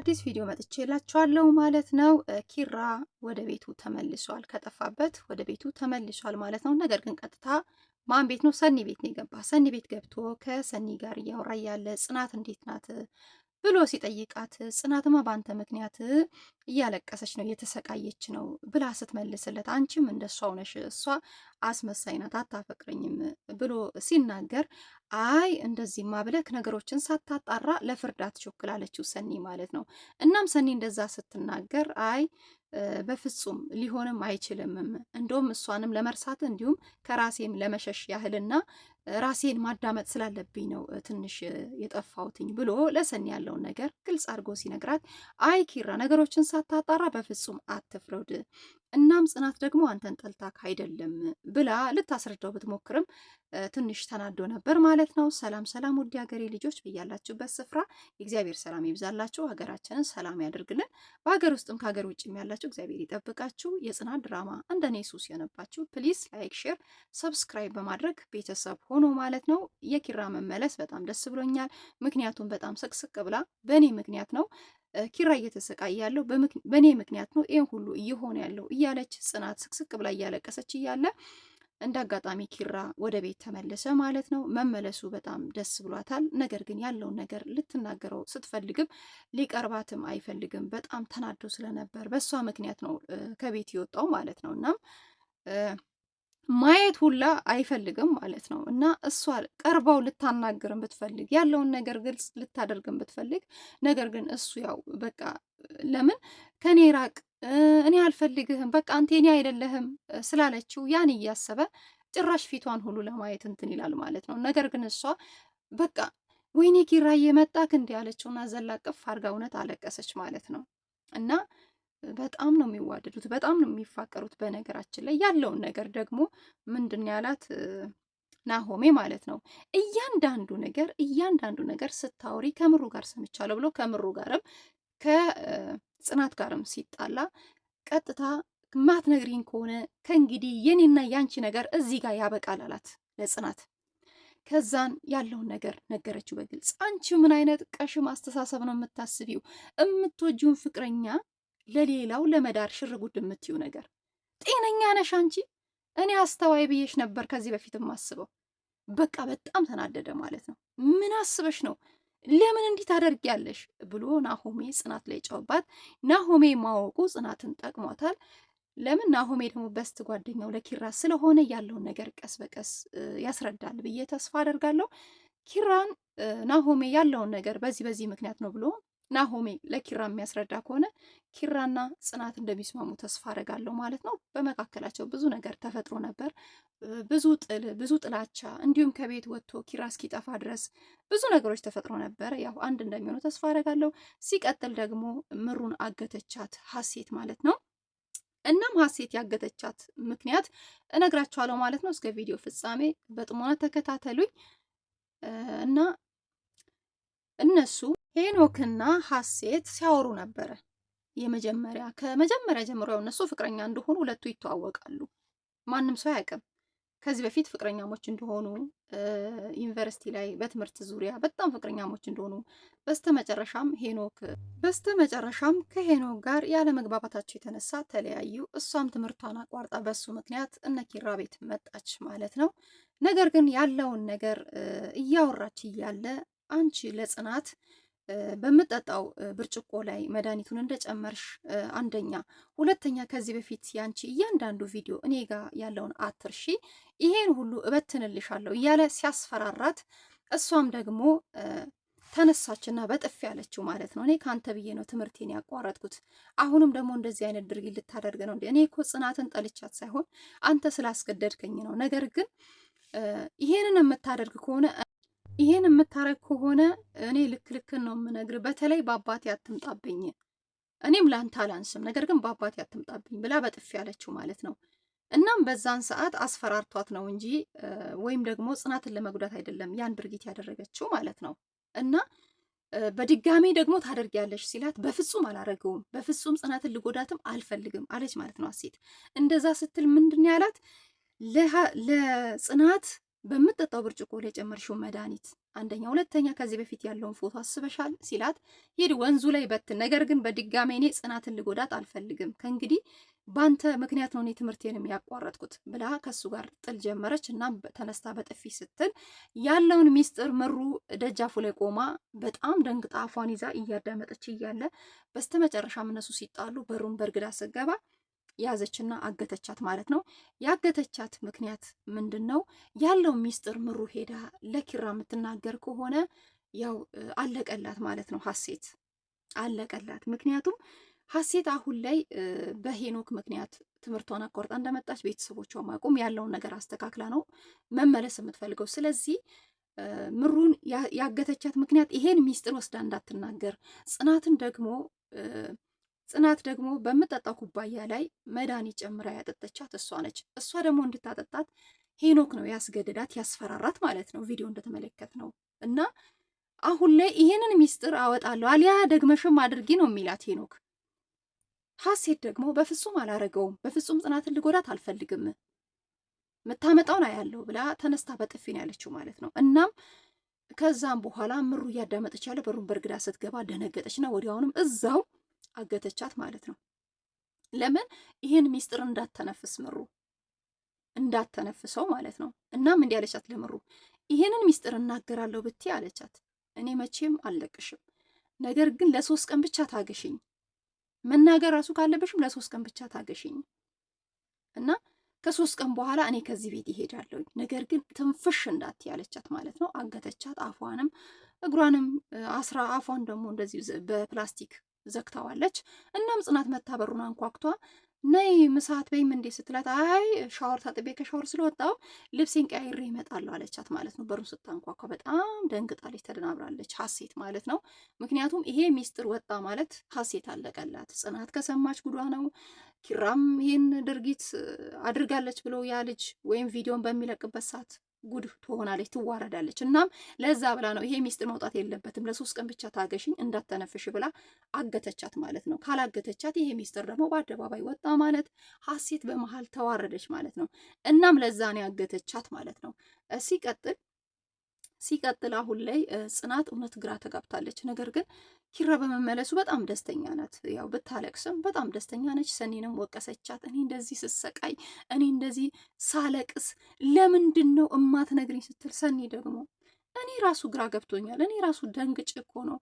በአዲስ ቪዲዮ መጥቼላችኋለሁ ማለት ነው። ኪራ ወደ ቤቱ ተመልሷል፣ ከጠፋበት ወደ ቤቱ ተመልሷል ማለት ነው። ነገር ግን ቀጥታ ማን ቤት ነው? ሰኒ ቤት ነው የገባ። ሰኒ ቤት ገብቶ ከሰኒ ጋር እያወራ ያለ ጽናት እንዴት ናት ብሎ ሲጠይቃት ጽናትማ በአንተ ምክንያት እያለቀሰች ነው፣ እየተሰቃየች ነው ብላ ስትመልስለት አንቺም እንደሷ ሆነሽ እሷ አስመሳይ ናት፣ አታፈቅረኝም ብሎ ሲናገር አይ እንደዚህ ማብለክ ነገሮችን ሳታጣራ ለፍርድ አትቸኩል ሰኒ ማለት ነው። እናም ሰኒ እንደዛ ስትናገር አይ በፍጹም ሊሆንም አይችልምም እንደውም እሷንም ለመርሳት እንዲሁም ከራሴም ለመሸሽ ያህልና ራሴን ማዳመጥ ስላለብኝ ነው ትንሽ የጠፋውትኝ ብሎ ለሰኒ ያለውን ነገር ግልጽ አድርጎ ሲነግራት አይ ኪራ ነገሮችን ሳታጣራ በፍጹም አትፍረድ እናም ጽናት ደግሞ አንተን ጠልታክ አይደለም ብላ ልታስረዳው ብትሞክርም ትንሽ ተናዶ ነበር ማለት ነው። ሰላም ሰላም፣ ውድ ሀገሬ ልጆች ብያላችሁበት ስፍራ የእግዚአብሔር ሰላም ይብዛላችሁ፣ ሀገራችንን ሰላም ያደርግልን። በሀገር ውስጥም ከሀገር ውጭም ያላችሁ እግዚአብሔር ይጠብቃችሁ። የጽናት ድራማ እንደኔ ሱስ የሆነባችሁ ፕሊስ ላይክ፣ ሼር፣ ሰብስክራይብ በማድረግ ቤተሰብ ሆኖ ማለት ነው። የኪራ መመለስ በጣም ደስ ብሎኛል፣ ምክንያቱም በጣም ስቅስቅ ብላ በእኔ ምክንያት ነው ኪራ እየተሰቃየ ያለው በእኔ ምክንያት ነው፣ ይህን ሁሉ እየሆነ ያለው እያለች ጽናት ስቅስቅ ብላ እያለቀሰች እያለ እንደ አጋጣሚ ኪራ ወደ ቤት ተመለሰ ማለት ነው። መመለሱ በጣም ደስ ብሏታል። ነገር ግን ያለውን ነገር ልትናገረው ስትፈልግም ሊቀርባትም አይፈልግም። በጣም ተናዶ ስለነበር በእሷ ምክንያት ነው ከቤት የወጣው ማለት ነው እናም ማየት ሁላ አይፈልግም ማለት ነው። እና እሷ ቀርባው ልታናግርን ብትፈልግ ያለውን ነገር ግልጽ ልታደርግን ብትፈልግ፣ ነገር ግን እሱ ያው በቃ ለምን ከኔ ራቅ፣ እኔ አልፈልግህም፣ በቃ አንተ እኔ አይደለህም ስላለችው ያን እያሰበ ጭራሽ ፊቷን ሁሉ ለማየት እንትን ይላል ማለት ነው። ነገር ግን እሷ በቃ ወይኔ ኪራ መጣክ እንዲህ ያለችውና ዘላቅፍ አርጋ እውነት አለቀሰች ማለት ነው እና በጣም ነው የሚዋደዱት፣ በጣም ነው የሚፋቀሩት። በነገራችን ላይ ያለውን ነገር ደግሞ ምንድን ያላት ናሆሜ ማለት ነው እያንዳንዱ ነገር እያንዳንዱ ነገር ስታወሪ ከምሩ ጋር ሰምቻለሁ ብሎ ከምሩ ጋርም ከጽናት ጋርም ሲጣላ ቀጥታ ማትነግሪኝ ከሆነ ከእንግዲህ የኔና የአንቺ ነገር እዚህ ጋር ያበቃል አላት ለጽናት። ከዛን ያለውን ነገር ነገረችው በግልጽ። አንቺ ምን አይነት ቀሽም አስተሳሰብ ነው የምታስቢው? የምትወጂውን ፍቅረኛ ለሌላው ለመዳር ሽርጉድ የምትዩ ነገር ጤነኛ ነሽ አንቺ? እኔ አስተዋይ ብዬሽ ነበር ከዚህ በፊት የማስበው። በቃ በጣም ተናደደ ማለት ነው። ምን አስበሽ ነው? ለምን እንዲህ ታደርጊያለሽ? ብሎ ናሆሜ ጽናት ላይ ጨውባት። ናሆሜ ማወቁ ጽናትን ጠቅሟታል። ለምን ናሆሜ ደግሞ በስት ጓደኛው ለኪራ ስለሆነ ያለውን ነገር ቀስ በቀስ ያስረዳል ብዬ ተስፋ አደርጋለሁ። ኪራን ናሆሜ ያለውን ነገር በዚህ በዚህ ምክንያት ነው ብሎ ናሆሜ ለኪራ የሚያስረዳ ከሆነ ኪራና ጽናት እንደሚስማሙ ተስፋ አደርጋለሁ ማለት ነው። በመካከላቸው ብዙ ነገር ተፈጥሮ ነበር። ብዙ ጥል፣ ብዙ ጥላቻ እንዲሁም ከቤት ወጥቶ ኪራ እስኪጠፋ ድረስ ብዙ ነገሮች ተፈጥሮ ነበር። ያው አንድ እንደሚሆኑ ተስፋ አደርጋለሁ። ሲቀጥል ደግሞ ምሩን አገተቻት ሀሴት ማለት ነው። እናም ሀሴት ያገተቻት ምክንያት እነግራችኋለሁ ማለት ነው። እስከ ቪዲዮ ፍጻሜ በጥሞና ተከታተሉኝ እና እነሱ ሄኖክና ሀሴት ሲያወሩ ነበረ። የመጀመሪያ ከመጀመሪያ ጀምሮ እነሱ ፍቅረኛ እንደሆኑ ሁለቱ ይተዋወቃሉ። ማንም ሰው አያውቅም። ከዚህ በፊት ፍቅረኛሞች እንደሆኑ ዩኒቨርሲቲ ላይ በትምህርት ዙሪያ በጣም ፍቅረኛሞች እንደሆኑ በስተመጨረሻም ሄኖክ በስተመጨረሻም ከሄኖክ ጋር ያለ መግባባታቸው የተነሳ ተለያዩ። እሷም ትምህርቷን አቋርጣ በሱ ምክንያት ኪራ ቤት መጣች ማለት ነው። ነገር ግን ያለውን ነገር እያወራች እያለ አንቺ ለጽናት በምጠጣው ብርጭቆ ላይ መድኃኒቱን እንደጨመርሽ አንደኛ፣ ሁለተኛ ከዚህ በፊት ያንቺ እያንዳንዱ ቪዲዮ እኔ ጋር ያለውን አትርሺ፣ ይሄን ሁሉ እበትንልሻለሁ እያለ ሲያስፈራራት እሷም ደግሞ ተነሳችና በጥፍ ያለችው ማለት ነው። እኔ ከአንተ ብዬ ነው ትምህርቴን ያቋረጥኩት። አሁንም ደግሞ እንደዚህ አይነት ድርጊት ልታደርግ ነው? እኔ እኮ ጽናትን ጠልቻት ሳይሆን አንተ ስላስገደድከኝ ነው። ነገር ግን ይሄንን የምታደርግ ከሆነ ይህን የምታረግ ከሆነ እኔ ልክ ልክን ነው የምነግር። በተለይ በአባቴ አትምጣብኝ፣ እኔም ላንታ አላንስም፣ ነገር ግን በአባቴ አትምጣብኝ ብላ በጥፊ ያለችው ማለት ነው። እናም በዛን ሰዓት አስፈራርቷት ነው እንጂ ወይም ደግሞ ጽናትን ለመጉዳት አይደለም ያን ድርጊት ያደረገችው ማለት ነው። እና በድጋሜ ደግሞ ታደርጊያለሽ ሲላት በፍጹም አላረገውም፣ በፍጹም ጽናትን ልጎዳትም አልፈልግም አለች ማለት ነው። አሴት እንደዛ ስትል ምንድን ያላት ለጽናት በምጠጣው ብርጭቆ ላይ የጨመርሽው መድኃኒት አንደኛ፣ ሁለተኛ ከዚህ በፊት ያለውን ፎቶ አስበሻል ሲላት ሂድ ወንዙ ላይ በትን። ነገር ግን በድጋሜ እኔ ጽናትን ልጎዳት አልፈልግም። ከእንግዲህ በአንተ ምክንያት ነው እኔ ትምህርቴንም ያቋረጥኩት ብላ ከሱ ጋር ጥል ጀመረች። እና ተነስታ በጥፊ ስትል ያለውን ሚስጥር ምሩ ደጃፉ ላይ ቆማ በጣም ደንግጣ አፏን ይዛ እያዳመጠች እያለ በስተመጨረሻም እነሱ ሲጣሉ በሩን በእርግዳ ስገባ ያዘችና አገተቻት ማለት ነው። ያገተቻት ምክንያት ምንድን ነው ያለው ሚስጥር ምሩ ሄዳ ለኪራ የምትናገር ከሆነ ያው አለቀላት ማለት ነው። ሀሴት አለቀላት። ምክንያቱም ሀሴት አሁን ላይ በሄኖክ ምክንያት ትምህርቷን አቋርጣ እንደመጣች ቤተሰቦቿ ማቆም ያለውን ነገር አስተካክላ ነው መመለስ የምትፈልገው። ስለዚህ ምሩን ያገተቻት ምክንያት ይሄን ሚስጥር ወስዳ እንዳትናገር ጽናትን ደግሞ ጽናት ደግሞ በምጠጣው ኩባያ ላይ መድኃኒት ጨምራ ያጠጠቻት እሷ ነች። እሷ ደግሞ እንድታጠጣት ሄኖክ ነው ያስገደዳት፣ ያስፈራራት ማለት ነው። ቪዲዮ እንደተመለከት ነው እና አሁን ላይ ይሄንን ሚስጥር አወጣለሁ አሊያ ደግመሽም አድርጊ ነው የሚላት ሄኖክ። ሀሴት ደግሞ በፍጹም አላረገውም፣ በፍጹም ጽናትን ልጎዳት አልፈልግም፣ ምታመጣውን አያለው ብላ ተነስታ በጥፊ ነው ያለችው ማለት ነው። እናም ከዛም በኋላ ምሩ እያዳመጠች ያለ በሩን በርግዳ ስትገባ ደነገጠችና ወዲያውንም እዛው አገተቻት ማለት ነው። ለምን ይሄን ሚስጥር እንዳተነፍስ ምሩ እንዳተነፍሰው ማለት ነው። እናም እንዲህ አለቻት ለምሩ፣ ይሄንን ሚስጥር እናገራለሁ ብቴ አለቻት። እኔ መቼም አልለቅሽም፣ ነገር ግን ለሶስት ቀን ብቻ ታገሽኝ። መናገር ራሱ ካለብሽም ለሶስት ቀን ብቻ ታገሽኝ እና ከሶስት ቀን በኋላ እኔ ከዚህ ቤት ይሄዳለሁ፣ ነገር ግን ትንፍሽ እንዳት ያለቻት ማለት ነው። አገተቻት። አፏንም እግሯንም አስራ አፏን ደግሞ እንደዚህ በፕላስቲክ ዘግታዋለች። እናም ጽናት መታበሩን አንኳክቷ ነይ ምሳት በይም እንዴ ስትላት አይ ሻወር ታጥቤ ከሻወር ስለወጣው ልብሴን ቀያይሬ ይመጣለሁ አለቻት ማለት ነው። በሩን ስታንኳኳ በጣም ደንግጣለች፣ ተደናብራለች ሀሴት ማለት ነው። ምክንያቱም ይሄ ሚስጥር ወጣ ማለት ሀሴት አለቀላት። ጽናት ከሰማች ጉዷ ነው። ኪራም ይህን ድርጊት አድርጋለች ብሎ ያ ልጅ ወይም ቪዲዮን በሚለቅበት ሰዓት ጉድ ትሆናለች፣ ትዋረዳለች። እናም ለዛ ብላ ነው ይሄ ሚስጥር መውጣት የለበትም ለሶስት ቀን ብቻ ታገሽኝ እንዳተነፍሽ ብላ አገተቻት ማለት ነው። ካላገተቻት ይሄ ሚስጥር ደግሞ በአደባባይ ወጣ ማለት ሀሴት በመሀል ተዋረደች ማለት ነው። እናም ለዛ ነው ያገተቻት ማለት ነው። ሲቀጥል ሲቀጥል አሁን ላይ ጽናት እውነት ግራ ተጋብታለች። ነገር ግን ኪራ በመመለሱ በጣም ደስተኛ ናት። ያው ብታለቅስም በጣም ደስተኛ ነች። ሰኔንም ወቀሰቻት። እኔ እንደዚህ ስሰቃይ፣ እኔ እንደዚህ ሳለቅስ ለምንድን ነው እማት ነግሪኝ ስትል ሰኔ ደግሞ እኔ ራሱ ግራ ገብቶኛል። እኔ ራሱ ደንግጭ እኮ ነው።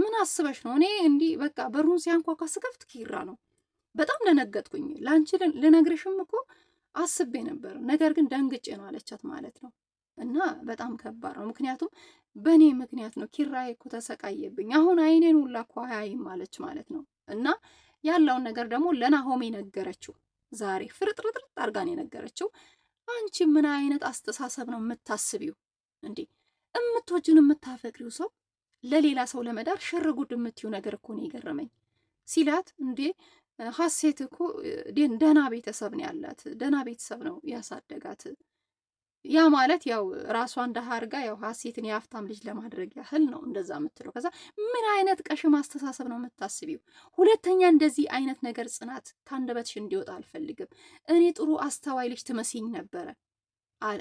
ምን አስበሽ ነው? እኔ እንዲህ በቃ በሩን ሲያንኳኳ ስከፍት ኪራ ነው። በጣም ደነገጥኩኝ። ለአንቺ ልነግርሽም እኮ አስቤ ነበር፣ ነገር ግን ደንግጬ ነው አለቻት ማለት ነው እና በጣም ከባድ ነው። ምክንያቱም በእኔ ምክንያት ነው ኪራይ እኮ ተሰቃየብኝ። አሁን አይኔን ሁላ እኮ አያይም አለች ማለት ነው። እና ያለውን ነገር ደግሞ ለናሆሜ ነገረችው። ዛሬ ፍርጥርጥርጥ አርጋን የነገረችው አንቺ ምን አይነት አስተሳሰብ ነው የምታስቢው? እንዴ እምትወጂውን የምታፈቅሪው ሰው ለሌላ ሰው ለመዳር ሽርጉድ የምትዩ ነገር እኮ ነው የገረመኝ ሲላት፣ እንዴ ሀሴት እኮ ደህና ቤተሰብ ነው ያላት፣ ደህና ቤተሰብ ነው ያሳደጋት ያ ማለት ያው ራሷን ደሃ አድርጋ ያው ሀሴትን የሀብታም ልጅ ለማድረግ ያህል ነው እንደዛ የምትለው። ከዛ ምን አይነት ቀሽም አስተሳሰብ ነው የምታስቢው? ሁለተኛ እንደዚህ አይነት ነገር ጽናት ከአንደበትሽ እንዲወጣ አልፈልግም። እኔ ጥሩ አስተዋይ ልጅ ትመስኝ ነበረ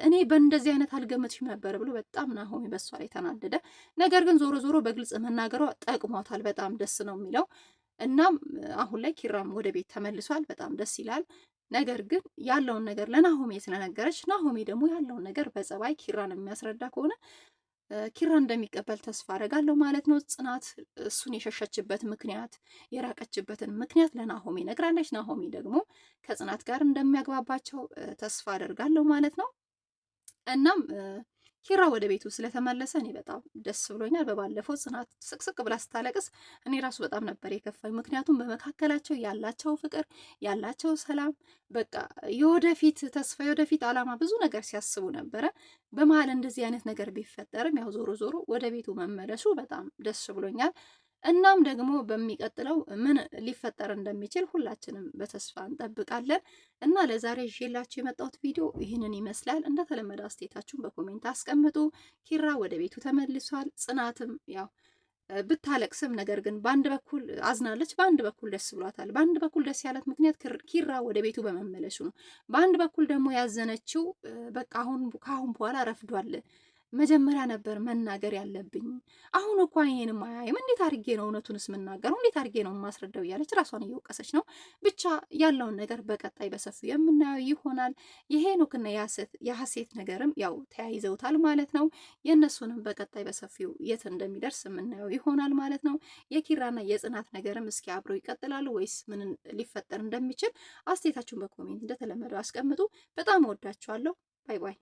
እኔ በእንደዚህ አይነት አልገመትሽም ነበረ ብሎ በጣም ናሆሚ በሷ ላይ ተናደደ። ነገር ግን ዞሮ ዞሮ በግልጽ መናገሯ ጠቅሟታል። በጣም ደስ ነው የሚለው። እናም አሁን ላይ ኪራም ወደ ቤት ተመልሷል። በጣም ደስ ይላል። ነገር ግን ያለውን ነገር ለናሆሜ ስለነገረች ናሆሜ ደግሞ ያለውን ነገር በጸባይ ኪራን የሚያስረዳ ከሆነ ኪራ እንደሚቀበል ተስፋ አደርጋለሁ ማለት ነው። ጽናት እሱን የሸሸችበት ምክንያት የራቀችበትን ምክንያት ለናሆሜ ነግራለች። ናሆሜ ደግሞ ከጽናት ጋር እንደሚያግባባቸው ተስፋ አደርጋለሁ ማለት ነው። እናም ኪራ ወደ ቤቱ ስለተመለሰ እኔ በጣም ደስ ብሎኛል። በባለፈው ጽናት ስቅስቅ ብላ ስታለቅስ እኔ ራሱ በጣም ነበር የከፋኝ። ምክንያቱም በመካከላቸው ያላቸው ፍቅር፣ ያላቸው ሰላም፣ በቃ የወደፊት ተስፋ፣ የወደፊት አላማ ብዙ ነገር ሲያስቡ ነበረ። በመሀል እንደዚህ አይነት ነገር ቢፈጠርም ያው ዞሮ ዞሮ ወደ ቤቱ መመለሱ በጣም ደስ ብሎኛል። እናም ደግሞ በሚቀጥለው ምን ሊፈጠር እንደሚችል ሁላችንም በተስፋ እንጠብቃለን እና ለዛሬ ይዤላችሁ የመጣሁት ቪዲዮ ይህንን ይመስላል። እንደተለመደ አስተያየታችሁን በኮሜንት አስቀምጡ። ኪራ ወደ ቤቱ ተመልሷል። ጽናትም ያው ብታለቅስም ነገር ግን በአንድ በኩል አዝናለች፣ በአንድ በኩል ደስ ብሏታል። በአንድ በኩል ደስ ያላት ምክንያት ኪራ ወደ ቤቱ በመመለሱ ነው። በአንድ በኩል ደግሞ ያዘነችው በቃ አሁን ከአሁን በኋላ ረፍዷል መጀመሪያ ነበር መናገር ያለብኝ። አሁን እኮ አይኔንም ማያይም እንዴት አድርጌ ነው እውነቱንስ የምናገረው? እንዴት አድርጌ ነው የማስረዳው? እያለች ራሷን እየወቀሰች ነው። ብቻ ያለውን ነገር በቀጣይ በሰፊው የምናየው ይሆናል። የሄኖክና የሀሴት ነገርም ያው ተያይዘውታል ማለት ነው። የእነሱንም በቀጣይ በሰፊው የት እንደሚደርስ የምናየው ይሆናል ማለት ነው። የኪራና የጽናት ነገርም እስኪ አብረው ይቀጥላሉ ወይስ ምን ሊፈጠር እንደሚችል አስተያየታችሁን በኮሜንት እንደተለመደው አስቀምጡ። በጣም እወዳችኋለሁ። ባይ ባይ።